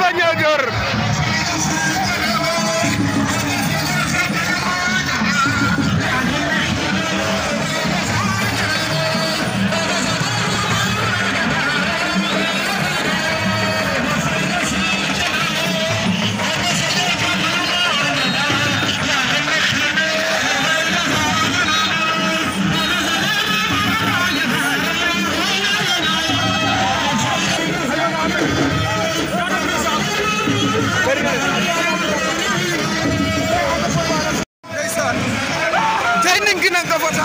Bagnadior kai ninginan kafa ta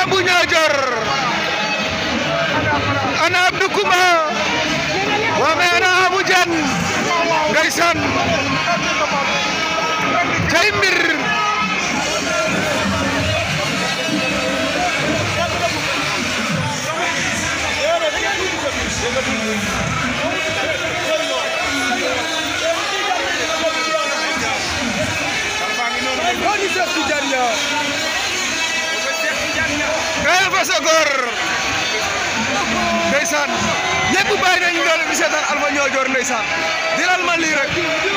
kamu nyajar Ana abdukuma Wa anak abu jan Gaisan Jaimbir ko sa góor ndeysaan ñëpp bàyyi nañu doole bi seetaan Alpha Niodior ndeysaan dilal ma lii rek